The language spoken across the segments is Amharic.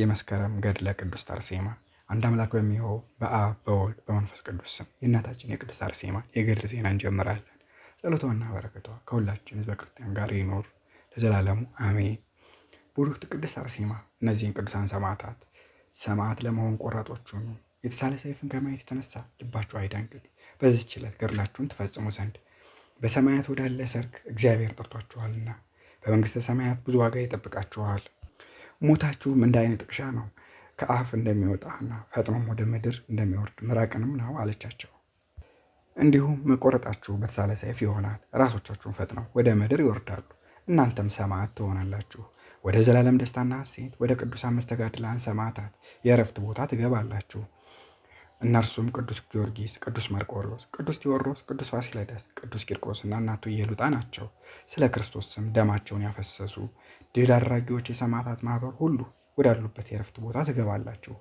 የመስከረም ገድለ ቅዱስ አርሴማ አንድ አምላክ በሚሆን በአብ በወልድ በመንፈስ ቅዱስ ስም የእናታችን የቅድስት አርሴማ የገድል ዜና እንጀምራለን። ጸሎቷና በረከቷ ከሁላችን ህዝበ ክርስቲያን ጋር ይኖር ለዘላለሙ አሜን። ቡርክት ቅድስት አርሴማ እነዚህን ቅዱሳን ሰማዕታት ሰማዕት ለመሆን ቆራጦች ሁኑ። የተሳለ ሰይፍን ከማየት የተነሳ ልባችሁ አይደንግጥ። በዚህች ዕለት ገድላችሁን ትፈጽሙ ዘንድ በሰማያት ወዳለ ሰርግ እግዚአብሔር ጠርቷችኋልና በመንግሥተ ሰማያት ብዙ ዋጋ ይጠብቃችኋል። ሞታችሁም እንደ አይነት ጥቅሻ ነው ከአፍ እንደሚወጣና ፈጥኖም ወደ ምድር እንደሚወርድ ምራቅንም ነው አለቻቸው። እንዲሁም መቆረጣችሁ በተሳለ ሰይፍ ይሆናል። ራሶቻችሁን ፈጥነው ወደ ምድር ይወርዳሉ። እናንተም ሰማዕት ትሆናላችሁ። ወደ ዘላለም ደስታና ሐሴት፣ ወደ ቅዱሳን መስተጋድላን ሰማዕታት የእረፍት ቦታ ትገባላችሁ። እነርሱም ቅዱስ ጊዮርጊስ፣ ቅዱስ ማርቆሎስ፣ ቅዱስ ቴዎድሮስ፣ ቅዱስ ፋሲለደስ፣ ቅዱስ ቂርቆስና እናቱ የሉጣ ናቸው። ስለ ክርስቶስ ስም ደማቸውን ያፈሰሱ ድል አድራጊዎች የሰማዕታት ማህበር ሁሉ ወዳሉበት የረፍት ቦታ ትገባላችሁ።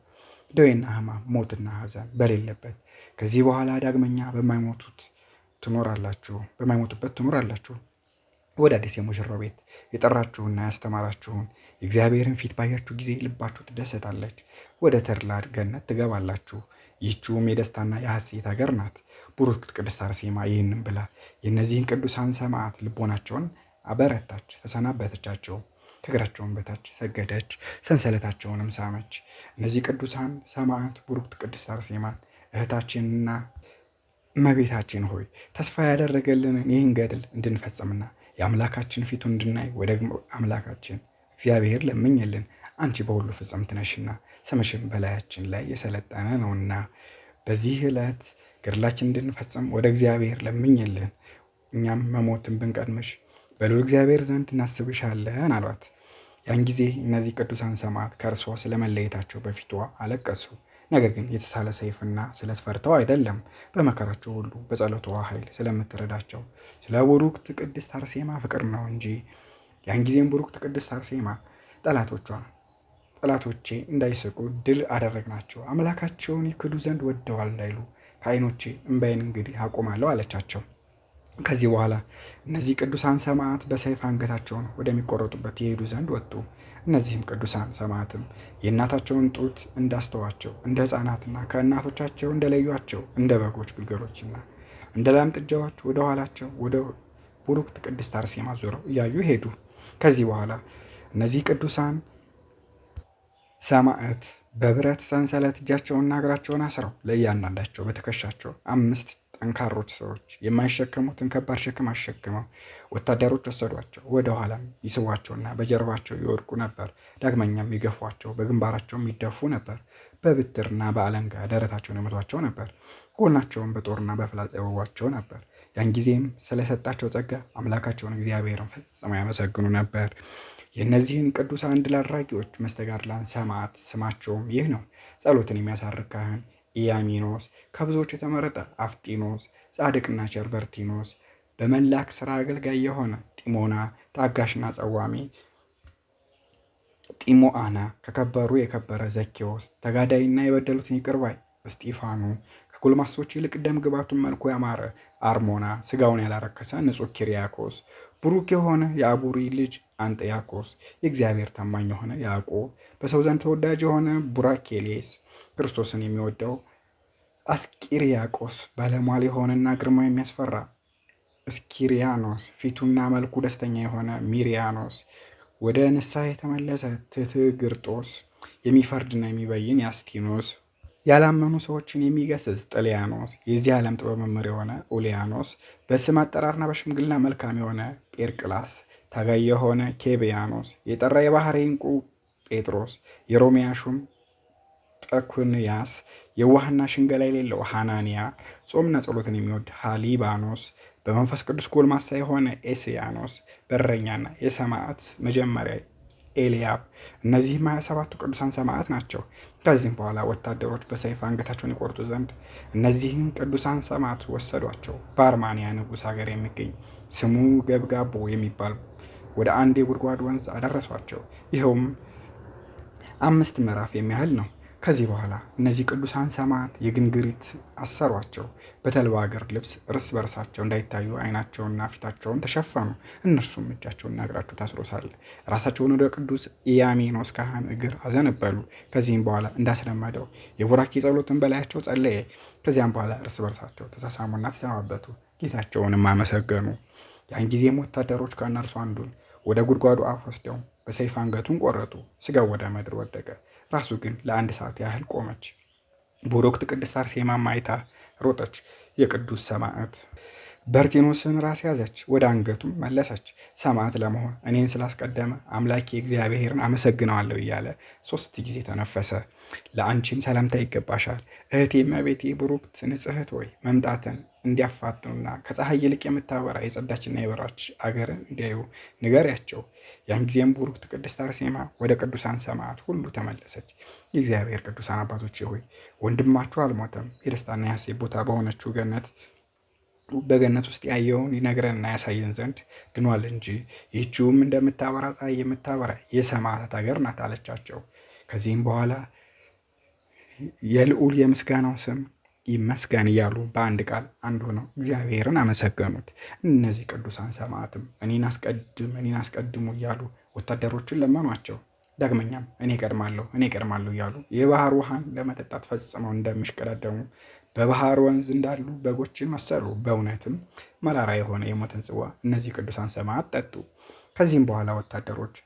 ደዌና ህማ ሞትና ሐዘን በሌለበት ከዚህ በኋላ ዳግመኛ በማይሞቱት ትኖራላችሁ በማይሞቱበት ትኖራላችሁ። ወደ አዲስ የሙሽራው ቤት የጠራችሁና ያስተማራችሁን የእግዚአብሔርን ፊት ባያችሁ ጊዜ ልባችሁ ትደሰታለች። ወደ ተድላ ገነት ትገባላችሁ። ይህችውም የደስታና የሐሴት ሀገር ናት። ቡርክት ቅድስት አርሴማ ይህንም ብላ የእነዚህን ቅዱሳን ሰማዕት ልቦናቸውን አበረታች፣ ተሰናበተቻቸው፣ ከእግራቸውን በታች ሰገደች፣ ሰንሰለታቸውንም ሳመች። እነዚህ ቅዱሳን ሰማዕት ቡርክት ቅድስት አርሴማን እህታችንና እመቤታችን ሆይ ተስፋ ያደረገልንን ይህን ገድል እንድንፈጽምና የአምላካችን ፊቱ እንድናይ ወደ አምላካችን እግዚአብሔር ለምኝልን። አንቺ በሁሉ ፍጽምት ነሽና ስምሽም በላያችን ላይ የሰለጠነ ነውና በዚህ ዕለት ገድላችን እንድንፈጽም ወደ እግዚአብሔር ለምኝልን፣ እኛም መሞትን ብንቀድምሽ በሉ እግዚአብሔር ዘንድ እናስብሻለን አሏት። ያን ጊዜ እነዚህ ቅዱሳን ሰማዕት ከእርሷ ስለመለየታቸው በፊቷ አለቀሱ። ነገር ግን የተሳለ ሰይፍና ስለፈርተው አይደለም፣ በመከራቸው ሁሉ በጸሎቷ ኃይል ስለምትረዳቸው ስለ ቡሩክት ቅድስት አርሴማ ፍቅር ነው እንጂ። ያን ጊዜም ቡሩክት ቅድስት አርሴማ ጠላቶቿ ጠላቶቼ እንዳይስቁ ድል አደረግናቸው። አምላካቸውን ይክዱ ዘንድ ወደዋል እንዳይሉ ከዓይኖቼ እምባዬን እንግዲህ አቆማለሁ አለቻቸው። ከዚህ በኋላ እነዚህ ቅዱሳን ሰማዕት በሰይፍ አንገታቸውን ወደሚቆረጡበት የሄዱ ዘንድ ወጡ። እነዚህም ቅዱሳን ሰማዕትም የእናታቸውን ጡት እንዳስተዋቸው እንደ ሕፃናትና ከእናቶቻቸው እንደለዩቸው እንደ በጎች ግልገሎችና እንደ ላም ጥጃዎች ወደ ኋላቸው ወደ ቡሩክት ቅድስት አርሴማ ዞረው እያዩ ሄዱ። ከዚህ በኋላ እነዚህ ቅዱሳን ሰማዕት በብረት ሰንሰለት እጃቸውንና እግራቸውን አስረው ለእያንዳንዳቸው በትከሻቸው አምስት ጠንካሮች ሰዎች የማይሸከሙትን ከባድ ሸክም አሸክመው ወታደሮች ወሰዷቸው። ወደኋላም ይስቧቸውና በጀርባቸው ይወድቁ ነበር። ዳግመኛም ይገፏቸው፣ በግንባራቸውም ይደፉ ነበር። በብትርና በአለንጋ ደረታቸውን ይመቷቸው ነበር። ጎናቸውን በጦርና በፍላጻ ይወጓቸው ነበር። ያን ጊዜም ስለሰጣቸው ጸጋ አምላካቸውን እግዚአብሔርን ፈጽመው ያመሰግኑ ነበር። የእነዚህን ቅዱሳን ድል አድራጊዎች መስተጋድላን ሰማዕት ስማቸውም ይህ ነው። ጸሎትን የሚያሳርግ ካህን ኢያሚኖስ፣ ከብዙዎች የተመረጠ አፍጢኖስ፣ ጻድቅና ቸርበርቲኖስ በመላክ ስራ አገልጋይ የሆነ ጢሞና፣ ታጋሽና ጸዋሚ ጢሞአና፣ ከከበሩ የከበረ ዘኬዎስ፣ ተጋዳይና የበደሉትን ይቅርባይ ስጢፋኑ እስጢፋኑ፣ ከጎልማሶች ይልቅ ደም ግባቱን መልኩ ያማረ አርሞና፣ ስጋውን ያላረከሰ ንጹሕ ኪሪያኮስ ብሩክ የሆነ የአቡሪ ልጅ አንጠያቆስ፣ የእግዚአብሔር ታማኝ የሆነ ያዕቆብ በሰው ዘንድ ተወዳጅ የሆነ ቡራኬሌስ ክርስቶስን የሚወደው አስቂሪያቆስ ባለሟል የሆነና ግርማ የሚያስፈራ እስኪሪያኖስ ፊቱና መልኩ ደስተኛ የሆነ ሚሪያኖስ ወደ ንስሐ የተመለሰ ትትግርጦስ የሚፈርድና የሚበይን የአስቲኖስ ያላመኑ ሰዎችን የሚገስጽ ጥልያኖስ፣ የዚህ ዓለም ጥበብ መምህር የሆነ ኡሊያኖስ፣ በስም አጠራርና በሽምግልና መልካም የሆነ ጴርቅላስ፣ ታጋይ የሆነ ኬብያኖስ፣ የጠራ የባህር ዕንቁ ጴጥሮስ፣ የሮሚያ ሹም ጠኩንያስ፣ የዋህና ሽንገላ የሌለው ሃናንያ፣ ጾምና ጸሎትን የሚወድ ሃሊባኖስ፣ በመንፈስ ቅዱስ ጎልማሳ የሆነ ኤስያኖስ፣ በረኛና የሰማዕት መጀመሪያ ኤልያብ። እነዚህም ሰባቱ ቅዱሳን ሰማዕት ናቸው። ከዚህም በኋላ ወታደሮች በሰይፍ አንገታቸውን ይቆርጡ ዘንድ እነዚህን ቅዱሳን ሰማዕት ወሰዷቸው። በአርማንያ ንጉሥ ሀገር የሚገኝ ስሙ ገብጋቦ የሚባል ወደ አንድ የጉድጓድ ወንዝ አደረሷቸው። ይኸውም አምስት ምዕራፍ የሚያህል ነው። ከዚህ በኋላ እነዚህ ቅዱሳን ሰማዕት የግንግሪት አሰሯቸው፣ በተልባ እግር ልብስ እርስ በርሳቸው እንዳይታዩ አይናቸውና ፊታቸውን ተሸፈኑ። እነርሱም እጃቸውና እግራቸው ታስሮ ሳለ ራሳቸውን ወደ ቅዱስ ኢያሜኖስ ካህን እግር አዘነበሉ። ከዚህም በኋላ እንዳስለመደው የቡራኬ ጸሎትን በላያቸው ጸለየ። ከዚያም በኋላ እርስ በርሳቸው ተሳሳሙና ተሰናበቱ፣ ጌታቸውንም አመሰገኑ። ያን ጊዜም ወታደሮች ከእነርሱ አንዱን ወደ ጉድጓዱ አፍ ወስደው በሰይፍ አንገቱን ቆረጡ። ስጋው ወደ ምድር ወደቀ። ራሱ ግን ለአንድ ሰዓት ያህል ቆመች። በወቅት ቅድስት አርሴማም ማይታ ሮጠች፣ የቅዱስ ሰማዕት በርቲኖስን ራስ ያዘች፣ ወደ አንገቱም መለሰች። ሰማዕት ለመሆን እኔን ስላስቀደመ አምላኬ እግዚአብሔርን አመሰግነዋለሁ እያለ ሶስት ጊዜ ተነፈሰ። ለአንቺም ሰላምታ ይገባሻል እህቴ፣ እመቤቴ፣ ብሩክት ንጽሕት ወይ መምጣትን እንዲያፋጥኑና ከፀሐይ ይልቅ የምታበራ የጸዳችና የበራች አገር እንዲያዩ ንገሪያቸው። ያን ጊዜም ቡርክት ቅድስት አርሴማ ወደ ቅዱሳን ሰማዕት ሁሉ ተመለሰች። የእግዚአብሔር ቅዱሳን አባቶች ሆይ ወንድማችሁ አልሞተም፣ የደስታና የሐሴት ቦታ በሆነችው ገነት በገነት ውስጥ ያየውን ይነግረንና ያሳየን ዘንድ ድኗል እንጂ ይህችውም እንደምታበራ ፀሐይ የምታበራ የሰማዕታት አገር ናት አለቻቸው። ከዚህም በኋላ የልዑል የምስጋናው ስም ይመስገን እያሉ በአንድ ቃል አንድ ሆነው እግዚአብሔርን አመሰገኑት። እነዚህ ቅዱሳን ሰማዕትም እኔን አስቀድም እኔን አስቀድሙ እያሉ ወታደሮቹን ለመኗቸው። ዳግመኛም እኔ ቀድማለሁ እኔ ቀድማለሁ እያሉ የባህር ውሃን ለመጠጣት ፈጽመው እንደሚሽቀዳደሙ በባህር ወንዝ እንዳሉ በጎችን መሰሉ። በእውነትም መራራ የሆነ የሞትን ጽዋ እነዚህ ቅዱሳን ሰማዕት ጠጡ። ከዚህም በኋላ ወታደሮች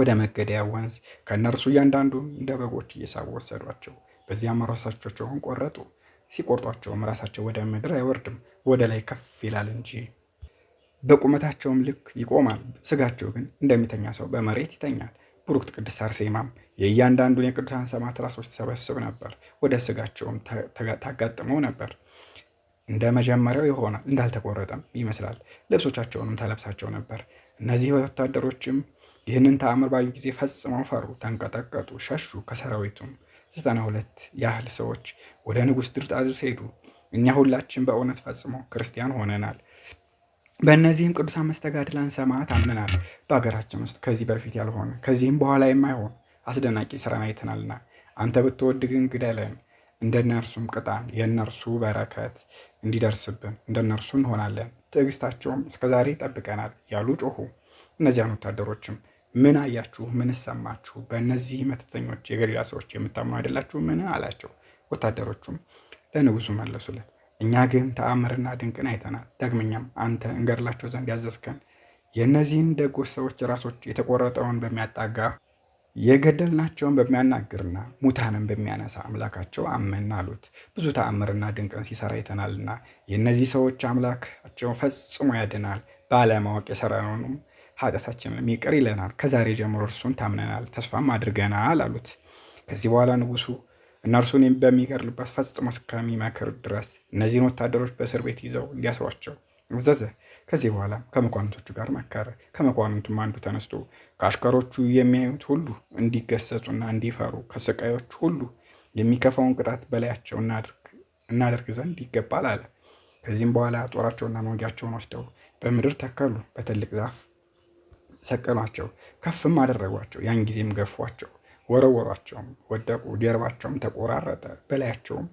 ወደ መገደያ ወንዝ ከእነርሱ እያንዳንዱ እንደ በጎች እየሳቡ ወሰዷቸው። በዚያም ራሳቸውን ቆረጡ። ሲቆርጧቸውም ራሳቸው ወደ ምድር አይወርድም፣ ወደ ላይ ከፍ ይላል እንጂ። በቁመታቸውም ልክ ይቆማል። ስጋቸው ግን እንደሚተኛ ሰው በመሬት ይተኛል። ብሩክት ቅድስት አርሴማም የእያንዳንዱን የቅዱሳን ሰማት ራሶች ትሰበስብ ነበር፣ ወደ ስጋቸውም ታጋጥመው ነበር። እንደ መጀመሪያው የሆነ እንዳልተቆረጠም ይመስላል። ልብሶቻቸውንም ተለብሳቸው ነበር። እነዚህ ወታደሮችም ይህንን ተአምር ባዩ ጊዜ ፈጽመው ፈሩ፣ ተንቀጠቀጡ፣ ሸሹ ከሰራዊቱም ዘጠና ሁለት ያህል ሰዎች ወደ ንጉሥ ድርጣድርስ ሄዱ። እኛ ሁላችን በእውነት ፈጽሞ ክርስቲያን ሆነናል። በእነዚህም ቅዱሳን መስተጋድላን ሰማዕት አምነናል። በሀገራችን ውስጥ ከዚህ በፊት ያልሆነ ከዚህም በኋላ የማይሆን አስደናቂ ስራን አይተናልና አንተ ብትወድ ግን ግደለን፣ እንደ ቅጣን፣ የእነርሱ በረከት እንዲደርስብን እንደ እነርሱ እንሆናለን። ትዕግስታቸውም እስከዛሬ ይጠብቀናል ያሉ ጮኹ። እነዚያን ወታደሮችም ምን አያችሁ? ምን ሰማችሁ? በእነዚህ መተተኞች የገሊላ ሰዎች የምታምኑ አይደላችሁ? ምን አላቸው። ወታደሮቹም ለንጉሱ መለሱለት፣ እኛ ግን ተአምርና ድንቅን አይተናል። ዳግመኛም አንተ እንገድላቸው ዘንድ ያዘዝከን የእነዚህን ደጎች ሰዎች ራሶች የተቆረጠውን በሚያጣጋ የገደልናቸውን በሚያናግርና ሙታንን በሚያነሳ አምላካቸው አመን አሉት። ብዙ ተአምርና ድንቅን ሲሰራ አይተናልና የእነዚህ ሰዎች አምላካቸው ፈጽሞ ያድናል። ባለማወቅ የሰራነውንም ኃጢአታችንም ይቅር ይለናል፣ ከዛሬ ጀምሮ እርሱን ታምነናል፣ ተስፋም አድርገናል አሉት። ከዚህ በኋላ ንጉሱ እነርሱን በሚገድልበት ፈጽሞ እስከሚመክር ድረስ እነዚህን ወታደሮች በእስር ቤት ይዘው እንዲያስሯቸው አዘዘ። ከዚህ በኋላ ከመኳንንቶቹ ጋር መከረ። ከመኳንንቱም አንዱ ተነስቶ ከአሽከሮቹ የሚያዩት ሁሉ እንዲገሰጹና እንዲፈሩ ከስቃዮች ሁሉ የሚከፋውን ቅጣት በላያቸው እናደርግ ዘንድ ይገባል አለ። ከዚህም በኋላ ጦራቸውና መውጊያቸውን ወስደው በምድር ተከሉ፣ በትልቅ ዛፍ ሰቀሏቸው፣ ከፍም አደረጓቸው። ያን ጊዜም ገፏቸው፣ ወረወሯቸውም፣ ወደቁ። ጀርባቸውም ተቆራረጠ፣ በላያቸውም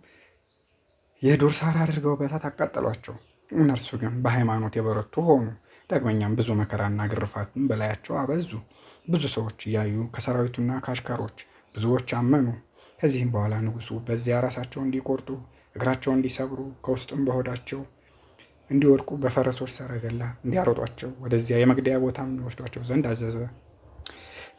የዱር ሳር አድርገው በእሳት አቃጠሏቸው። እነርሱ ግን በሃይማኖት የበረቱ ሆኑ። ዳግመኛም ብዙ መከራና ግርፋትን በላያቸው አበዙ። ብዙ ሰዎች እያዩ ከሰራዊቱና ከአሽከሮች ብዙዎች አመኑ። ከዚህም በኋላ ንጉሱ በዚያ ራሳቸው እንዲቆርጡ እግራቸውን እንዲሰብሩ ከውስጥም በሆዳቸው እንዲወድቁ በፈረሶች ሰረገላ እንዲያሮጧቸው ወደዚያ የመግደያ ቦታ የሚወስዷቸው ዘንድ አዘዘ።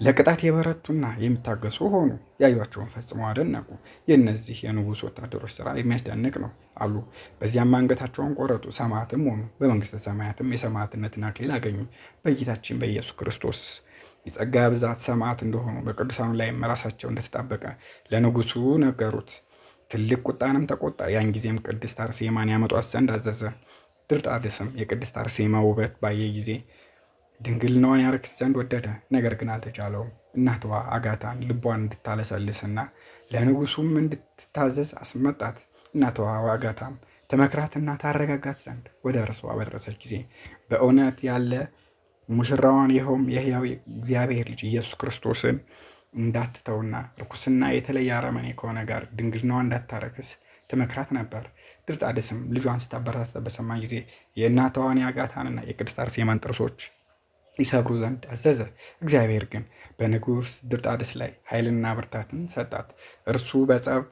ለቅጣት የበረቱና የሚታገሱ ሆኑ። ያዩቸውን ፈጽመው አደነቁ። የእነዚህ የንጉሥ ወታደሮች ስራ የሚያስደንቅ ነው አሉ። በዚያም አንገታቸውን ቆረጡ፣ ሰማዕትም ሆኑ። በመንግስተ ሰማያትም የሰማዕትነትን አክሊል አገኙ። በጌታችን በኢየሱስ ክርስቶስ የጸጋ ብዛት ሰማዕት እንደሆኑ በቅዱሳኑ ላይም ራሳቸው እንደተጣበቀ ለንጉሱ ነገሩት። ትልቅ ቁጣንም ተቆጣ። ያን ጊዜም ቅድስት አርሴማን ያመጧት ዘንድ አዘዘ። ድርጣ ደስም የቅድስት አርሴማ ውበት ባየ ጊዜ ድንግልናዋን ያረክስ ዘንድ ወደደ። ነገር ግን አልተቻለውም። እናትዋ አጋታን ልቧን እንድታለሰልስና ለንጉሱም እንድትታዘዝ አስመጣት። እናትዋ አጋታም ተመክራትና ታረጋጋት ዘንድ ወደ እርሷ በደረሰች ጊዜ በእውነት ያለ ሙሽራዋን ይኸውም የሕያው እግዚአብሔር ልጅ ኢየሱስ ክርስቶስን እንዳትተውና ርኩስና የተለየ አረመኔ ከሆነ ጋር ድንግልናዋ እንዳታረክስ ትመክራት ነበር። ድርጣድስም ልጇን ስታበረታታ በሰማ ጊዜ የእናትዋን የአጋታንና የቅድስት አርሴማን ጥርሶች ይሰብሩ ዘንድ አዘዘ። እግዚአብሔር ግን በንጉሥ ድርጣደስ ላይ ኃይልና ብርታትን ሰጣት። እርሱ በጸብ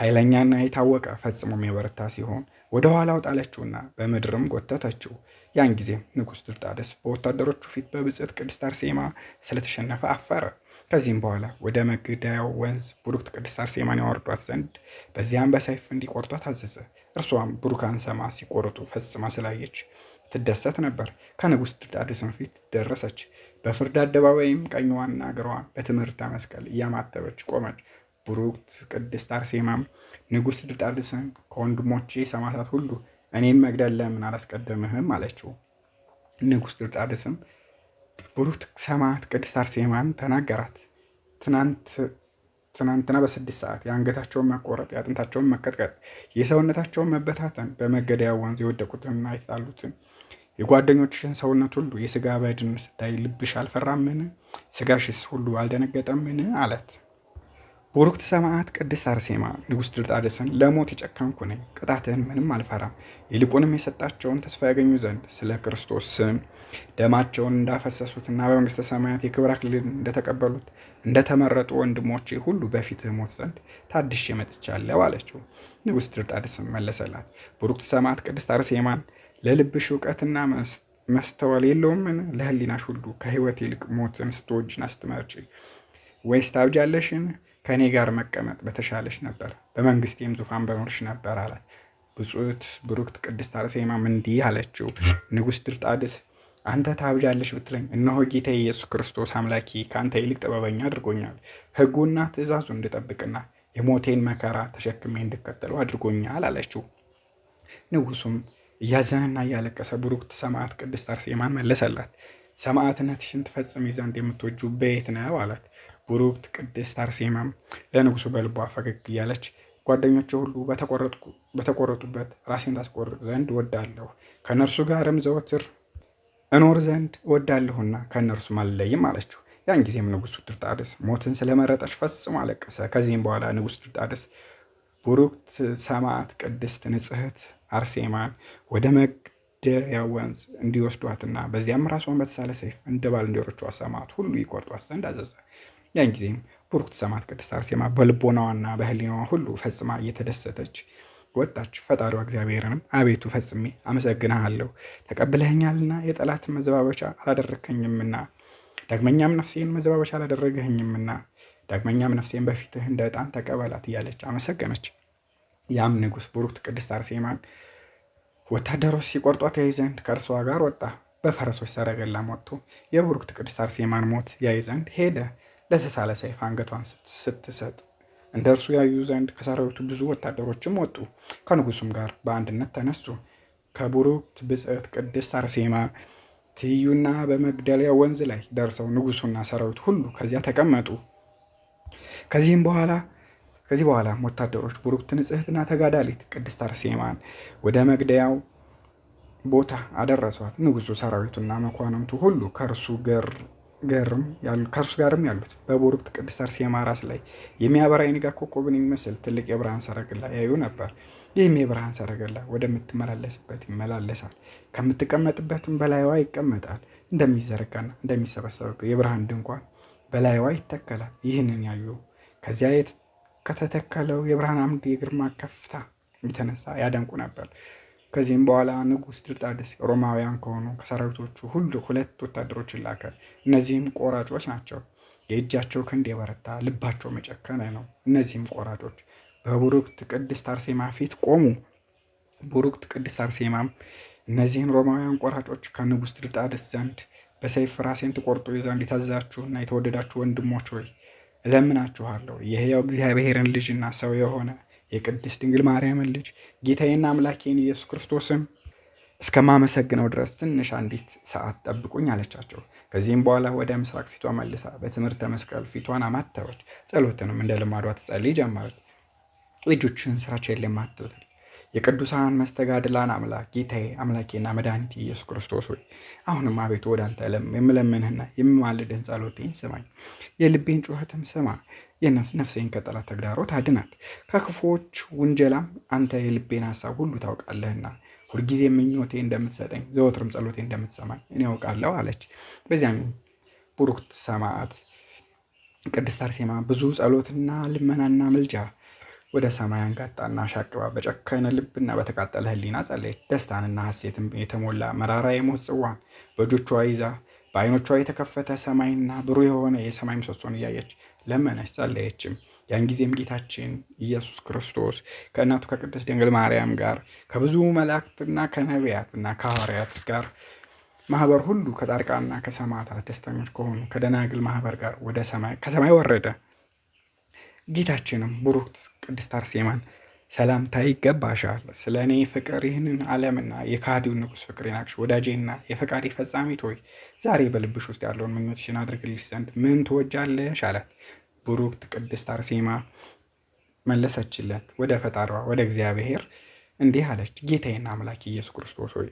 ኃይለኛና የታወቀ ፈጽሞም የበረታ ሲሆን ወደ ኋላው ጣለችውና በምድርም ጎተተችው። ያን ጊዜም ንጉሥ ድርጣደስ በወታደሮቹ ፊት በብፅዕት ቅድስት አርሴማ ስለተሸነፈ አፈረ። ከዚህም በኋላ ወደ መግደያው ወንዝ ቡሩክት ቅድስት አርሴማን ያወርዷት ዘንድ በዚያም በሰይፍ እንዲቆርጧት አዘዘ። እርሷም ቡሩካን ሰማ ሲቆርጡ ፈጽማ ስላየች ትደሰት ነበር። ከንጉሥ ድርጣድስም ፊት ደረሰች። በፍርድ አደባባይም ቀኝዋና እግሯን በትምህርተ መስቀል እያማተበች ቆመች። ቡሩክት ቅድስት አርሴማም ንጉሥ ድርጣድስን ከወንድሞቼ ሰማዕታት ሁሉ እኔም መግደል ለምን አላስቀደምህም አለችው። ንጉሥ ድርጣድስም ብሩክት ሰማዕት ቅድስት አርሴማን ተናገራት። ትናንትና በስድስት ሰዓት የአንገታቸውን መቆረጥ፣ የአጥንታቸውን መቀጥቀጥ፣ የሰውነታቸውን መበታተን፣ በመገደያ ወንዝ የወደቁትንና የተጣሉትን የጓደኞችሽን ሰውነት ሁሉ የስጋ በድን ስታይ ልብሽ አልፈራምን? ስጋሽስ ሁሉ አልደነገጠምን? አለት ቡሩክት ሰማዕት ቅድስት አርሴማ ንጉሥ ድርጣደስን ለሞት የጨካንኩ ነኝ፣ ቅጣትህን ምንም አልፈራም። ይልቁንም የሰጣቸውን ተስፋ ያገኙ ዘንድ ስለ ክርስቶስ ስም ደማቸውን እንዳፈሰሱትና በመንግሥተ ሰማያት የክብር አክሊልን እንደተቀበሉት እንደተመረጡ ወንድሞቼ ሁሉ በፊትህ ሞት ዘንድ ታድሼ መጥቻለሁ አለችው። ንጉሥ ድርጣደስን መለሰላት፣ ቡሩክት ሰማዕት ቅድስት አርሴማን ለልብሽ እውቀትና መስተዋል የለውምን? ለህሊናሽ ሁሉ ከህይወት ይልቅ ሞትን ስትወጅን አስትመርጪ ወይስ ታብጃለሽን? ከእኔ ጋር መቀመጥ በተሻለሽ ነበር፣ በመንግስቴም ዙፋን በኖርሽ ነበር አላት። ብፁዕት ብሩክት ቅድስት አርሴማም እንዲህ አለችው፣ ንጉሥ ድርጣድስ አንተ ታብዣለሽ ብትለኝ፣ እነሆ ጌታ ኢየሱስ ክርስቶስ አምላኪ ከአንተ ይልቅ ጥበበኛ አድርጎኛል። ሕጉና ትእዛዙ እንድጠብቅና የሞቴን መከራ ተሸክሜ እንድከተሉ አድርጎኛል አለችው። ንጉሱም እያዘነና እያለቀሰ ብሩክት ሰማዕት ቅድስት አርሴማን መለሰላት። ሰማዕትነትሽን ትፈጽሚ ዘንድ የምትወጁ በየት ነው አላት። ውሩብት ቅድስት አርሴማም ለንጉሱ በልቧ ፈገግ እያለች ጓደኞች ሁሉ በተቆረጡበት ራሴን ታስቆርጥ ዘንድ ወዳለሁ ከነርሱ ጋርም ዘወትር እኖር ዘንድ ወዳለሁና ከእነርሱ አልለይም አለችው። ያን ጊዜም ንጉሱ ድርጣድስ ሞትን ስለመረጠች ፈጽሞ አለቀሰ። ከዚህም በኋላ ንጉስ ድርጣድስ ቡሩክት ሰማዕት ቅድስት ንጽህት አርሴማን ወደ መግደሪያ ወንዝ እንዲወስዷትና በዚያም ራሷን በተሳለ ሰይፍ እንደ ባልንጀሮቿ ሰማዕት ሁሉ ይቆርጧት ዘንድ አዘዘ። ያን ጊዜም ቡርክት ሰማት ቅድስት አርሴማ በልቦናዋና በህሊናዋ ሁሉ ፈጽማ እየተደሰተች ወጣች። ፈጣሪዋ እግዚአብሔርንም አቤቱ ፈጽሜ አመሰግንሃለሁ፣ ተቀብለኸኛልና የጠላት መዘባበቻ አላደረግከኝምና ዳግመኛም ነፍሴን መዘባበቻ አላደረግህኝምና ዳግመኛም ነፍሴን በፊትህ እንደ ዕጣን ተቀበላት እያለች አመሰገነች። ያም ንጉሥ ቡርክት ቅድስት አርሴማን ወታደሮች ሲቆርጧት ያይ ዘንድ ከእርሷ ጋር ወጣ። በፈረሶች ሰረገላም ወጥቶ የቡርክት ቅድስት አርሴማን ሞት ያይ ዘንድ ሄደ። ለተሳለ ሰይፍ አንገቷን ስትሰጥ እንደ እርሱ ያዩ ዘንድ ከሰራዊቱ ብዙ ወታደሮችም ወጡ፣ ከንጉሱም ጋር በአንድነት ተነሱ። ከቡሩክት ብጽዕት ቅድስት አርሴማ ትይዩና በመግደሊያ ወንዝ ላይ ደርሰው ንጉሱና ሰራዊት ሁሉ ከዚያ ተቀመጡ። ከዚህም በኋላ ከዚህ በኋላ ወታደሮች ቡሩክት ንጽህትና ተጋዳሊት ቅድስት አርሴማን ወደ መግደያው ቦታ አደረሷት። ንጉሱ ሰራዊቱና መኳንንቱ ሁሉ ከእርሱ ገር ጋርም ያሉ ከእርሱ ጋርም ያሉት በቡሩክት ቅድስት አርሴማ ራስ ላይ የሚያበራ ንጋ ኮከብን የሚመስል ትልቅ የብርሃን ሰረገላ ያዩ ነበር። ይህም የብርሃን ሰረገላ ወደምትመላለስበት ይመላለሳል፣ ከምትቀመጥበትም በላይዋ ይቀመጣል። እንደሚዘረጋና እንደሚሰበሰበው የብርሃን ድንኳን በላይዋ ይተከላል። ይህንን ያዩ ከዚያ ከተተከለው የብርሃን አምድ የግርማ ከፍታ የተነሳ ያደንቁ ነበር። ከዚህም በኋላ ንጉሥ ድርጣድስ ሮማውያን ከሆኑ ከሰራዊቶቹ ሁሉ ሁለት ወታደሮች ላከ። እነዚህም ቆራጮች ናቸው። የእጃቸው ክንድ የበረታ ልባቸው መጨከነ ነው። እነዚህም ቆራጮች በቡሩክት ቅድስት አርሴማ ፊት ቆሙ። ቡሩክት ቅድስት አርሴማም እነዚህን ሮማውያን ቆራጮች ከንጉሥ ድርጣድስ ዘንድ በሰይፍ ራሴን ትቆርጡ ዘንድ የታዘዛችሁና የተወደዳችሁ ወንድሞች ሆይ እለምናችኋለሁ የሕያው እግዚአብሔርን ልጅና ሰው የሆነ የቅድስት ድንግል ማርያምን ልጅ ጌታዬና አምላኬን ኢየሱስ ክርስቶስም እስከማመሰግነው ድረስ ትንሽ አንዲት ሰዓት ጠብቁኝ አለቻቸው። ከዚህም በኋላ ወደ ምስራቅ ፊቷ መልሳ በትምህርተ መስቀል ፊቷን አማተበች። ጸሎትንም እንደ ልማዷ ትጸልይ ጀመረች። ልጆችን ስራቸው የለም የቅዱሳን መስተጋድላን አምላክ ጌታዬ አምላኬና መድኃኒት ኢየሱስ ክርስቶስ ሆይ አሁንም አቤቱ ወደ አንተ የምለምንህና የምማልድህን ጸሎቴን ስማኝ፣ የልቤን ጩኸትም ስማ። የነፍሴን ከጠላት ተግዳሮት አድናት፣ ከክፉዎች ውንጀላም አንተ የልቤን ሀሳብ ሁሉ ታውቃለህና ሁልጊዜ ምኞቴ እንደምትሰጠኝ ዘወትርም ጸሎቴ እንደምትሰማኝ እኔ ያውቃለሁ አለች። በዚያም ቡሩክት ሰማዕት ቅድስት አርሴማ ብዙ ጸሎትና ልመናና ምልጃ ወደ ሰማይ አንጋጣና አሻቅባ በጨከነ ልብና በተቃጠለ ሕሊና ጸለየች። ደስታንና ሐሴትን የተሞላ መራራ የሞት ጽዋ በእጆቿ ይዛ በአይኖቿ የተከፈተ ሰማይና ብሩህ የሆነ የሰማይ ምሰሶን እያየች ለመነች፣ ጸለየችም። ያን ጊዜም ጌታችን ኢየሱስ ክርስቶስ ከእናቱ ከቅድስት ድንግል ማርያም ጋር ከብዙ መላእክትና ከነቢያትና ከሐዋርያት ጋር ማህበር ሁሉ ከጻድቃንና ከሰማዕታት ደስተኞች ከሆኑ ከደናግል ማህበር ጋር ወደ ሰማይ ከሰማይ ወረደ። ጌታችንም ብሩክት ቅድስት አርሴማን ሰላምታ ይገባሻል፣ ስለ እኔ ፍቅር ይህንን ዓለምና የካዲው ንጉሥ ፍቅር ናቅሽ ወዳጄና የፈቃዴ ፈጻሚት ሆይ ዛሬ በልብሽ ውስጥ ያለውን ምኞትሽን አድርግልሽ ዘንድ ምን ትወጃለሽ? አላት። ቡሩክት ቅድስት አርሴማ መለሰችለት፣ ወደ ፈጣሯ ወደ እግዚአብሔር እንዲህ አለች፣ ጌታዬና አምላክ ኢየሱስ ክርስቶስ ሆይ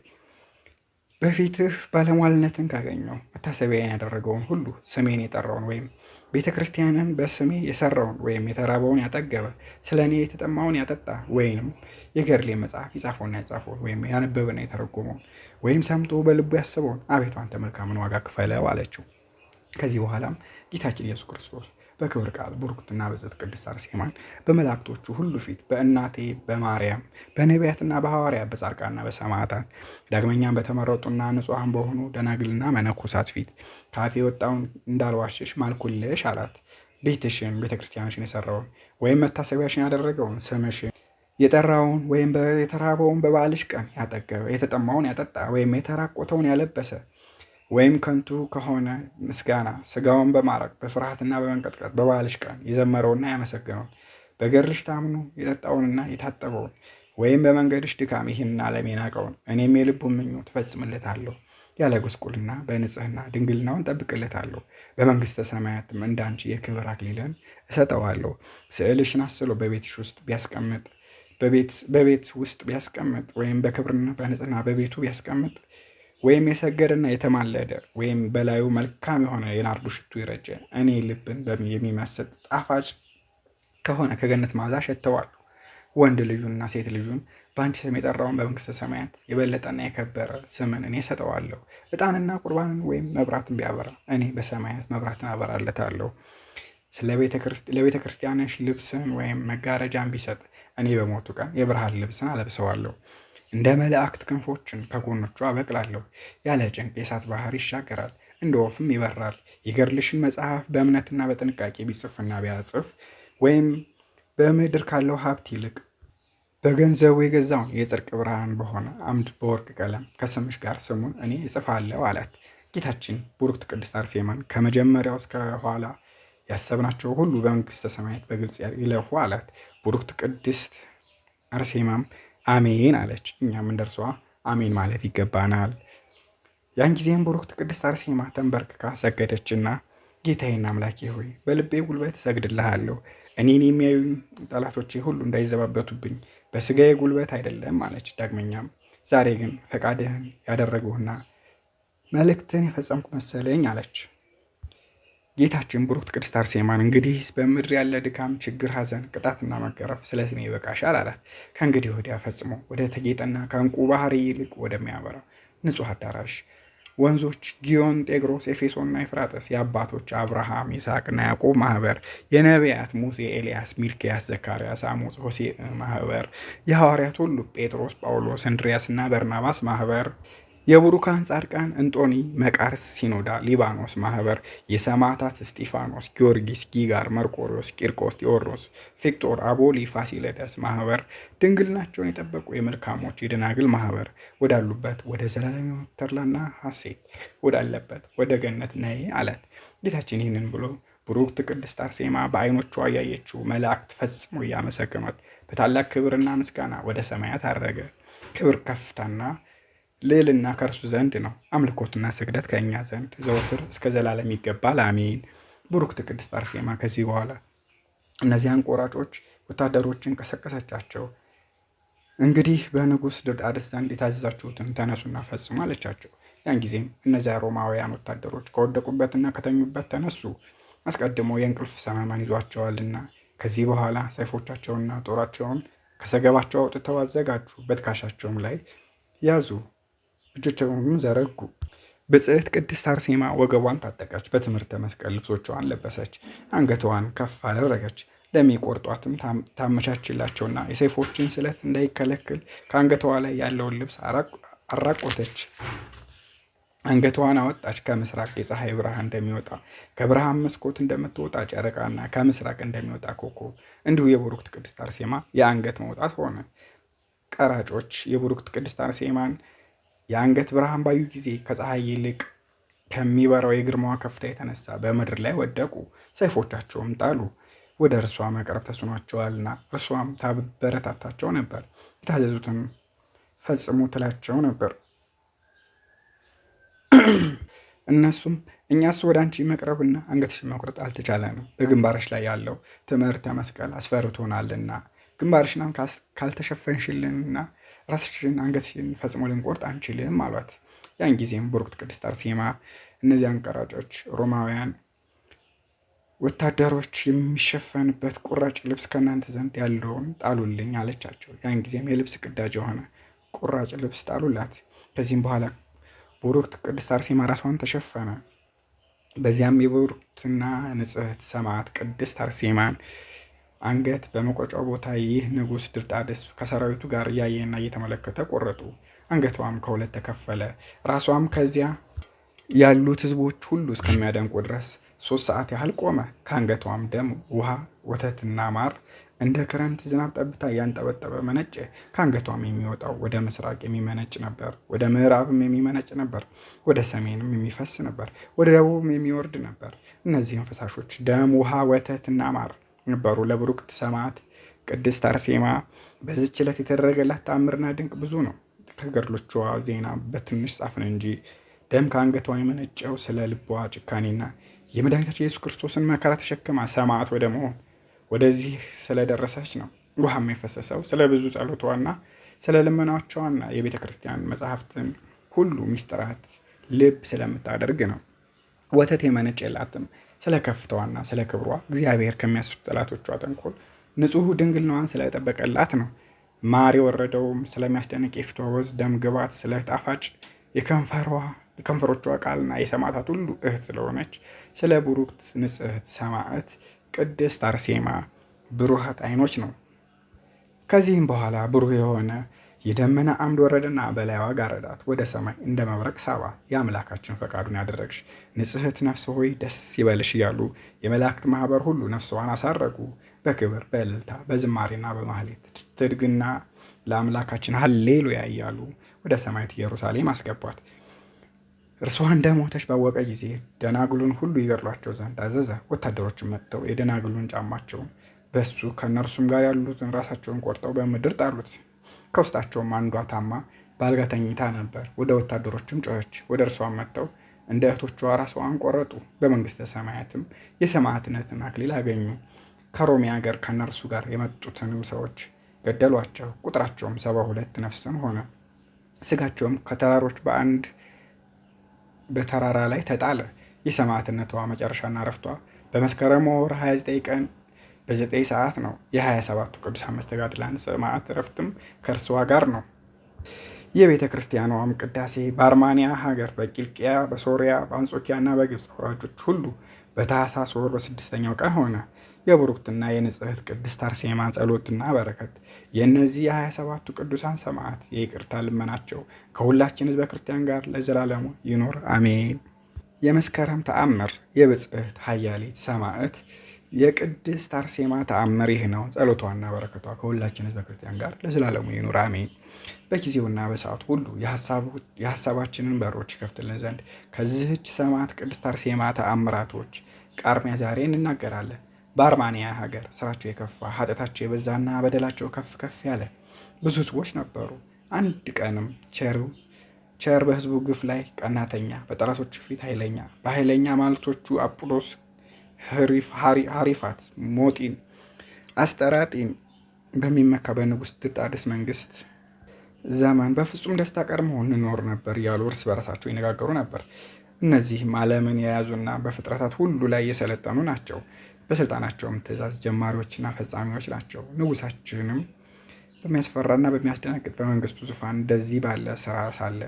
በፊትህ ባለሟልነትን ካገኘው መታሰቢያ ያደረገውን ሁሉ ስሜን የጠራውን ወይም ቤተ ክርስቲያንን በስሜ የሰራውን ወይም የተራበውን ያጠገበ ስለ እኔ የተጠማውን ያጠጣ ወይንም የገርሌ መጽሐፍ የጻፈውና ያጻፈውን ወይም ያነበበና የተረጎመውን ወይም ሰምቶ በልቡ ያስበውን አቤቱ አንተ መልካምን ዋጋ ክፈለው አለችው። ከዚህ በኋላም ጌታችን ኢየሱስ ክርስቶስ በክብር ቃል ቡርክትና በዘት ቅድስት አርሴማን በመላእክቶቹ ሁሉ ፊት በእናቴ በማርያም በነቢያትና በሐዋርያ በጻድቃንና በሰማዕታት ዳግመኛም በተመረጡና ንጹሐን በሆኑ ደናግልና መነኮሳት ፊት ካፌ የወጣውን እንዳልዋሽሽ ማልኩልሽ አላት። ቤትሽን ቤተ ክርስቲያንሽን የሰራውን ወይም መታሰቢያሽን ያደረገውን ስምሽን የጠራውን ወይም የተራበውን በበዓልሽ ቀን ያጠገበ የተጠማውን ያጠጣ ወይም የተራቆተውን ያለበሰ ወይም ከንቱ ከሆነ ምስጋና ስጋውን በማራቅ በፍርሃትና በመንቀጥቀጥ በባልሽ ቀን የዘመረውና ያመሰገነውን በገርሽ ታምኖ የጠጣውንና የታጠበውን ወይም በመንገድሽ ድካም ይህን ዓለም የናቀውን እኔም የልቡን ምኞት እፈጽምለታለሁ። ያለ ጉስቁልና በንጽህና ድንግልናውን ጠብቅለታለሁ። በመንግስተ ሰማያትም እንዳንቺ የክብር አክሊልን እሰጠዋለሁ። ስዕልሽን አስሎ በቤትሽ ውስጥ ቢያስቀምጥ በቤት ውስጥ ቢያስቀምጥ ወይም በክብርና በንጽህና በቤቱ ቢያስቀምጥ ወይም የሰገደና የተማለደ ወይም በላዩ መልካም የሆነ የናርዱ ሽቱ ይረጨ እኔ ልብን የሚመስጥ ጣፋጭ ከሆነ ከገነት መዓዛ ሸተዋሉ። ወንድ ልጁንና ሴት ልጁን በአንድ ስም የጠራውን በመንግስተ ሰማያት የበለጠና የከበረ ስምን እኔ ሰጠዋለሁ። እጣንና ቁርባንን ወይም መብራትን ቢያበራ እኔ በሰማያት መብራትን አበራለታለሁ። ለቤተ ክርስቲያንሽ ልብስን ወይም መጋረጃን ቢሰጥ እኔ በሞቱ ቀን የብርሃን ልብስን አለብሰዋለሁ። እንደ መላእክት ክንፎችን ከጎኖቿ አበቅላለሁ። ያለ ጭንቅ የእሳት ባህር ይሻገራል፣ እንደ ወፍም ይበራል። የገድልሽን መጽሐፍ በእምነትና በጥንቃቄ ቢጽፍና ቢያጽፍ ወይም በምድር ካለው ሀብት ይልቅ በገንዘቡ የገዛውን የጽርቅ ብርሃን በሆነ አምድ በወርቅ ቀለም ከስምሽ ጋር ስሙን እኔ እጽፋለሁ አላት። ጌታችን ቡሩክት ቅድስት አርሴማን ከመጀመሪያው እስከ ኋላ ያሰብናቸው ሁሉ በመንግስተ ሰማያት በግልጽ ይለፉ አላት። ቡሩክት ቅድስት አርሴማም አሜን አለች። እኛም እንደርሷ አሜን ማለት ይገባናል። ያን ጊዜም ብሩክት ቅድስት አርሴማ ተንበርክካ ሰገደችና ጌታዬና አምላኬ ሆይ በልቤ ጉልበት እሰግድልሃለሁ። እኔን የሚያዩኝ ጠላቶቼ ሁሉ እንዳይዘባበቱብኝ በስጋዬ ጉልበት አይደለም አለች። ዳግመኛም ዛሬ ግን ፈቃድህን ያደረጉህና መልእክትን የፈጸምኩ መሰለኝ አለች። ጌታችን ብሩክት ቅድስት አርሴማን እንግዲህ በምድር ያለ ድካም፣ ችግር፣ ሐዘን፣ ቅጣትና መገረፍ ስለ ስሜ ይበቃሻል አላት። ከእንግዲህ ወዲያ ፈጽሞ ወደ ተጌጠና ከእንቁ ባህሪ ይልቅ ወደሚያበራው ንጹሕ አዳራሽ ወንዞች ጊዮን፣ ጤግሮስ፣ ኤፌሶና ኤፍራጥስ የአባቶች አብርሃም፣ ይስሐቅና ያዕቆብ ማህበር፣ የነቢያት ሙሴ፣ ኤልያስ፣ ሚልክያስ፣ ዘካርያስ፣ አሞጽ፣ ሆሴ ማህበር፣ የሐዋርያት ሁሉ ጴጥሮስ፣ ጳውሎስ፣ እንድርያስና በርናባስ ማህበር የቡሩካን ጻድቃን እንጦኒ፣ መቃርስ፣ ሲኖዳ፣ ሊባኖስ ማህበር፣ የሰማዕታት እስጢፋኖስ፣ ጊዮርጊስ፣ ጊጋር፣ መርቆሪዎስ፣ ቂርቆስ፣ ቴዎድሮስ፣ ፊክቶር አቦሊ፣ ፋሲለደስ ማህበር ድንግልናቸውን የጠበቁ የመልካሞች የደናግል ማህበር ወዳሉበት ወደ ዘላለማዊ ተድላና ሐሴት ወዳለበት ወደ ገነት ነይ አላት። ጌታችን ይህንን ብሎ ብሩክት ቅድስት አርሴማ በዓይኖቿ ያየችው መላእክት ፈጽሞ እያመሰገኗት በታላቅ ክብርና ምስጋና ወደ ሰማያት አረገ። ክብር ከፍታና ልዕልና ከእርሱ ዘንድ ነው። አምልኮትና ስግደት ከእኛ ዘንድ ዘወትር እስከ ዘላለም ይገባል። አሜን። ቡሩክት ቅድስት አርሴማ ከዚህ በኋላ እነዚያን ቆራጮች ወታደሮችን ቀሰቀሰቻቸው። እንግዲህ በንጉሥ ድርጣድስ ዘንድ የታዘዛችሁትን ተነሱና ፈጽሙ አለቻቸው። ያን ጊዜም እነዚያ ሮማውያን ወታደሮች ከወደቁበትና ከተኙበት ተነሱ። አስቀድሞ የእንቅልፍ ሰመማን ይዟቸዋልና ከዚህ በኋላ ሰይፎቻቸውና ጦራቸውን ከሰገባቸው አውጥተው አዘጋጁ፣ በትከሻቸውም ላይ ያዙ። እጆቻቸውን ዘረጉ። ብጽዕት ቅድስት አርሴማ ወገቧን ታጠቀች፣ በትምህርተ መስቀል ልብሶቿን ለበሰች፣ አንገቷን ከፍ አደረገች። ለሚቆርጧትም ታመቻችላቸውና የሰይፎችን ስለት እንዳይከለክል ከአንገቷ ላይ ያለውን ልብስ አራቆተች። አንገቷን አወጣች። ከምስራቅ የፀሐይ ብርሃን እንደሚወጣ ከብርሃን መስኮት እንደምትወጣ ጨረቃና ከምስራቅ እንደሚወጣ ኮከብ እንዲሁ የቡሩክት ቅድስት አርሴማ የአንገት መውጣት ሆነ። ቀራጮች የቡሩክት ቅድስት አርሴማን የአንገት ብርሃን ባዩ ጊዜ ከፀሐይ ይልቅ ከሚበራው የግርማዋ ከፍታ የተነሳ በምድር ላይ ወደቁ፣ ሰይፎቻቸውም ጣሉ። ወደ እርሷ መቅረብ ተስኗቸዋልና እርሷም ታበረታታቸው ነበር፣ የታዘዙትን ፈጽሙ ትላቸው ነበር። እነሱም እኛስ ወደ አንቺ መቅረብና አንገትሽ መቁረጥ አልተቻለንም፣ በግንባርሽ ላይ ያለው ትምህርተ መስቀል አስፈርቶናልና ግንባርሽናም ካልተሸፈንሽልንና ራስሽን አንገትሽን ፈጽሞ ልንቆርጥ አንችልም አሏት። ያን ጊዜም ብሩክት ቅድስት አርሴማ እነዚህ ቀራጮች ሮማውያን ወታደሮች የሚሸፈንበት ቁራጭ ልብስ ከእናንተ ዘንድ ያለውን ጣሉልኝ አለቻቸው። ያን ጊዜም የልብስ ቅዳጅ የሆነ ቁራጭ ልብስ ጣሉላት። ከዚህም በኋላ ቡሩክት ቅድስት አርሴማ ራሷን ተሸፈነ። በዚያም የቡሩክትና ንጽሕት ሰማዕት ቅድስት አርሴማን አንገት በመቆጫው ቦታ ይህ ንጉሥ ድርጣድስ ከሰራዊቱ ጋር እያየና እየተመለከተ ቆረጡ። አንገቷም ከሁለት ተከፈለ። ራሷም ከዚያ ያሉት ህዝቦች ሁሉ እስከሚያደንቁ ድረስ ሶስት ሰዓት ያህል ቆመ። ከአንገቷም ደም፣ ውሃ፣ ወተትና ማር እንደ ክረምት ዝናብ ጠብታ እያንጠበጠበ መነጨ። ከአንገቷም የሚወጣው ወደ ምስራቅ የሚመነጭ ነበር፣ ወደ ምዕራብም የሚመነጭ ነበር፣ ወደ ሰሜንም የሚፈስ ነበር፣ ወደ ደቡብም የሚወርድ ነበር። እነዚህም ፈሳሾች ደም፣ ውሃ፣ ወተትና ማር ነበሩ። ለብሩክት ሰማዕት ቅድስት አርሴማ በዚች ዕለት የተደረገላት ተአምርና ድንቅ ብዙ ነው። ከገድሎቿ ዜና በትንሽ ጻፍን እንጂ ደም ከአንገቷ የመነጨው ስለ ልቧ ጭካኔና የመድኃኒታችን ኢየሱስ ክርስቶስን መከራ ተሸክማ ሰማዕት ወደ መሆን ወደዚህ ስለደረሰች ነው። ውሃም የፈሰሰው ስለ ብዙ ጸሎቷና ስለ ልመናቸዋና የቤተ ክርስቲያን መጽሐፍትን ሁሉ ሚስጥራት ልብ ስለምታደርግ ነው። ወተት የመነጭ የላትም። ስለ ከፍታዋና ስለ ክብሯ እግዚአብሔር ከሚያስቱ ጠላቶቿ ተንኮል ንጹሕ ድንግልናዋን ስለጠበቀላት ነው። ማር የወረደውም ስለሚያስደንቅ የፊቷ ወዝ ደም ግባት፣ ስለ ጣፋጭ የከንፈሮቿ ቃልና የሰማዕታት ሁሉ እህት ስለሆነች ስለ ቡሩክት ንጽሕት ሰማዕት ቅድስት አርሴማ ብሩሃት አይኖች ነው። ከዚህም በኋላ ብሩህ የሆነ የደመና አምድ ወረደና በላይዋ ጋረዳት፣ ወደ ሰማይ እንደ መብረቅ ሳባ የአምላካችን ፈቃዱን ያደረግሽ ንጽሕት ነፍስ ሆይ ደስ ይበልሽ እያሉ የመላእክት ማህበር ሁሉ ነፍስዋን አሳረጉ። በክብር በእልልታ በዝማሬና በማህሌት ትድግና ለአምላካችን ሀሌሉያ እያሉ ወደ ሰማይት ኢየሩሳሌም አስገቧት። እርሷ እንደ ሞተች ባወቀ ጊዜ ደናግሉን ሁሉ ይገድሏቸው ዘንድ አዘዘ። ወታደሮችን መጥተው የደናግሉን ጫማቸውን በሱ ከእነርሱም ጋር ያሉትን ራሳቸውን ቆርጠው በምድር ጣሉት። ከውስጣቸውም አንዷ ታማ በአልጋ ተኝታ ነበር። ወደ ወታደሮችም ጮኸች። ወደ እርሷ መጥተው እንደ እህቶቿ ራስዋን ቆረጡ። በመንግስተ ሰማያትም የሰማዕትነትን አክሊል አገኙ። ከሮሜ ሀገር ከነርሱ ጋር የመጡትንም ሰዎች ገደሏቸው። ቁጥራቸውም ሰባ ሁለት ነፍስን ሆነ። ስጋቸውም ከተራሮች በአንድ በተራራ ላይ ተጣለ። የሰማዕትነቷ መጨረሻና ረፍቷ በመስከረም ወር 29 ቀን በዘጠኝ ሰዓት ነው። የሀያ ሰባቱ ቅዱሳን መስተጋድላን ሰማዕት እረፍትም ከእርስዋ ጋር ነው። የቤተ ክርስቲያኗም ቅዳሴ በአርማንያ ሀገር፣ በቂልቅያ፣ በሶሪያ፣ በአንጾኪያና በግብፅ ወራጆች ሁሉ በታኅሳስ ወር በስድስተኛው ቀን ሆነ። የብሩክትና የንጽህት ቅድስት አርሴማ ጸሎትና በረከት የእነዚህ የሀያ ሰባቱ ቅዱሳን ሰማዕት የይቅርታ ልመናቸው ከሁላችን ህዝበ ክርስቲያን ጋር ለዘላለሙ ይኖር አሜን። የመስከረም ተአምር የብጽህት ሀያሌት ሰማዕት የቅድስት አርሴማ ተአምር ይህ ነው። ጸሎቷና በረከቷ ከሁላችን ህዝበ ክርስቲያን ጋር ለዘላለሙ ይኑር አሜን። በጊዜውና በሰዓቱ ሁሉ የሀሳባችንን በሮች ይከፍትልን ዘንድ ከዚህች ሰማዕት ቅድስት አርሴማ ተአምራቶች ቃርሚያ ዛሬ እንናገራለን። በአርማንያ ሀገር ስራቸው የከፋ ኃጢአታቸው የበዛና በደላቸው ከፍ ከፍ ያለ ብዙ ሰዎች ነበሩ። አንድ ቀንም ቸሩ ቸር በህዝቡ ግፍ ላይ ቀናተኛ፣ በጠላቶቹ ፊት ኃይለኛ፣ በኃይለኛ ማለቶቹ አጵሎስ ሀሪፋት፣ ሞጢን፣ አስጠራጢን በሚመካ በንጉሥ ድጣድስ መንግስት ዘመን በፍጹም ደስታ ቀድሞ እንኖር ነበር እያሉ እርስ በራሳቸው ይነጋገሩ ነበር። እነዚህም ዓለምን የያዙና በፍጥረታት ሁሉ ላይ የሰለጠኑ ናቸው። በስልጣናቸውም ትእዛዝ ጀማሪዎችና ፈጻሚዎች ናቸው። ንጉሳችንም በሚያስፈራና በሚያስደነግጥ በመንግስቱ ዙፋን እንደዚህ ባለ ስራ ሳለ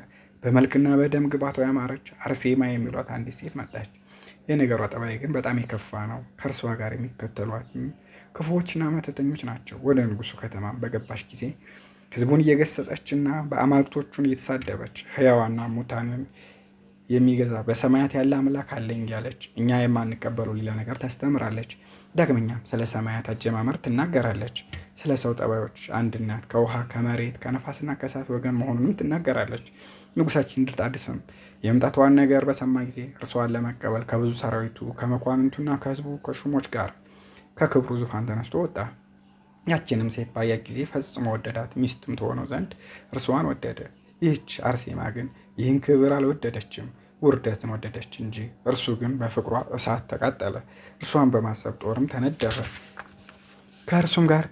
በመልክና በደም ግባቷ ያማረች አርሴማ የሚሏት አንዲት ሴት መጣች። የነገሯ ጠባይ ግን በጣም የከፋ ነው። ከእርሷ ጋር የሚከተሏት ክፉዎችና መተተኞች ናቸው። ወደ ንጉሱ ከተማ በገባች ጊዜ ህዝቡን እየገሰጸችና በአማልክቶቹን እየተሳደበች ህያዋና ሙታንን የሚገዛ በሰማያት ያለ አምላክ አለኝ ያለች እኛ የማንቀበለው ሌላ ነገር ታስተምራለች። ዳግመኛም ስለ ሰማያት አጀማመር ትናገራለች። ስለ ሰው ጠባዮች አንድነት ከውሃ ከመሬት ከነፋስና ከእሳት ወገን መሆኑንም ትናገራለች። ንጉሳችን ድርጣድስም የመምጣትዋን ነገር በሰማ ጊዜ እርሷን ለመቀበል ከብዙ ሰራዊቱ ከመኳንንቱና ከህዝቡ ከሹሞች ጋር ከክብሩ ዙፋን ተነስቶ ወጣ። ያችንም ሴት ባያት ጊዜ ፈጽሞ ወደዳት፣ ሚስትም ትሆነው ዘንድ እርሷን ወደደ። ይህች አርሴማ ግን ይህን ክብር አልወደደችም፣ ውርደትን ወደደች እንጂ። እርሱ ግን በፍቅሯ እሳት ተቃጠለ፣ እርሷን በማሰብ ጦርም ተነደፈ። ከእርሱም ጋር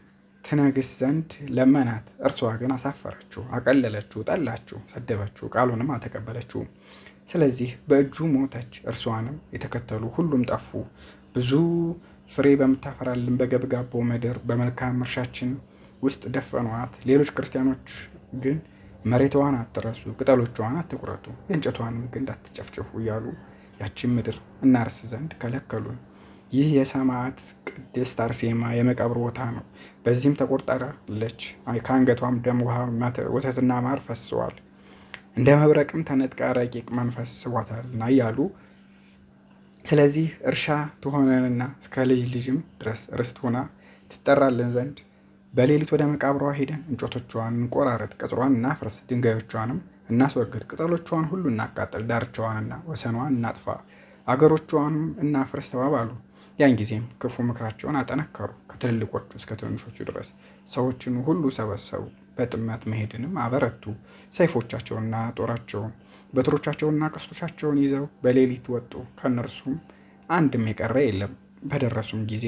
ትነግስ ዘንድ ለመናት። እርሷ ግን አሳፈረችው፣ አቀለለችው፣ ጠላችው፣ ሰደበችው፣ ቃሉንም አልተቀበለችውም። ስለዚህ በእጁ ሞተች፣ እርሷንም የተከተሉ ሁሉም ጠፉ። ብዙ ፍሬ በምታፈራልን በገብጋቦ ምድር በመልካም እርሻችን ውስጥ ደፈኗት። ሌሎች ክርስቲያኖች ግን መሬቷን አትረሱ፣ ቅጠሎቿን አትቁረጡ፣ የእንጨቷንም ግንድ አትጨፍጭፉ እያሉ ያችን ምድር እናርስ ዘንድ ከለከሉን። ይህ የሰማዕት ቅድስት አርሴማ የመቃብር ቦታ ነው። በዚህም ተቆርጠረለች። ከአንገቷም ደም፣ ውሃ፣ ወተትና ማር ፈስሰዋል። እንደ መብረቅም ተነጥቃ ረቂቅ መንፈስ ስቧታልና እያሉ ስለዚህ እርሻ ትሆነንና እስከ ልጅ ልጅም ድረስ ርስት ሆና ትጠራልን ዘንድ በሌሊት ወደ መቃብሯ ሄደን እንጨቶቿን እንቆራረጥ፣ ቅጽሯን እናፍርስ፣ ድንጋዮቿንም እናስወግድ፣ ቅጠሎቿን ሁሉ እናቃጠል፣ ዳርቻዋንና ወሰኗን እናጥፋ፣ አገሮቿንም እናፍርስ ተባባሉ። ያን ጊዜም ክፉ ምክራቸውን አጠነከሩ፣ ከትልልቆቹ እስከ ትንሾቹ ድረስ ሰዎችን ሁሉ ሰበሰቡ። በጥመት መሄድንም አበረቱ። ሰይፎቻቸውና ጦራቸውን በትሮቻቸውና ቀስቶቻቸውን ይዘው በሌሊት ወጡ። ከእነርሱም አንድም የቀረ የለም። በደረሱም ጊዜ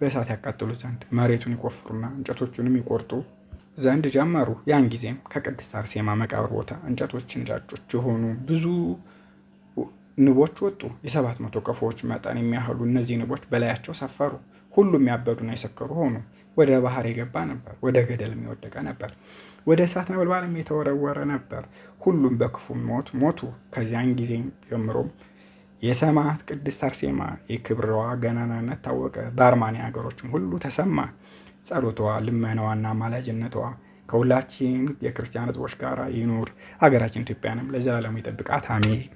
በእሳት ያቃጥሉ ዘንድ መሬቱን ይቆፍሩና እንጨቶቹንም ይቆርጡ ዘንድ ጀመሩ። ያን ጊዜም ከቅድስት አርሴማ መቃብር ቦታ እንጨቶችን ጫጮች የሆኑ ብዙ ንቦች ወጡ። የሰባት መቶ ቀፎዎች መጠን የሚያህሉ እነዚህ ንቦች በላያቸው ሰፈሩ። ሁሉም ያበዱና የሰከሩ ሆኑ። ወደ ባህር የገባ ነበር፣ ወደ ገደልም የወደቀ ነበር፣ ወደ እሳት ነበልባልም የተወረወረ ነበር። ሁሉም በክፉ ሞት ሞቱ። ከዚያን ጊዜ ጀምሮም የሰማዕት ቅድስት አርሴማ የክብረዋ ገናናነት ታወቀ። በአርማንያ ሀገሮችም ሁሉ ተሰማ። ጸሎቷ፣ ልመናዋና ማላጅነቷ ከሁላችን የክርስቲያን ሕዝቦች ጋር ይኑር። ሀገራችን ኢትዮጵያንም ለዘላለሙ ይጠብቃት። አሜን።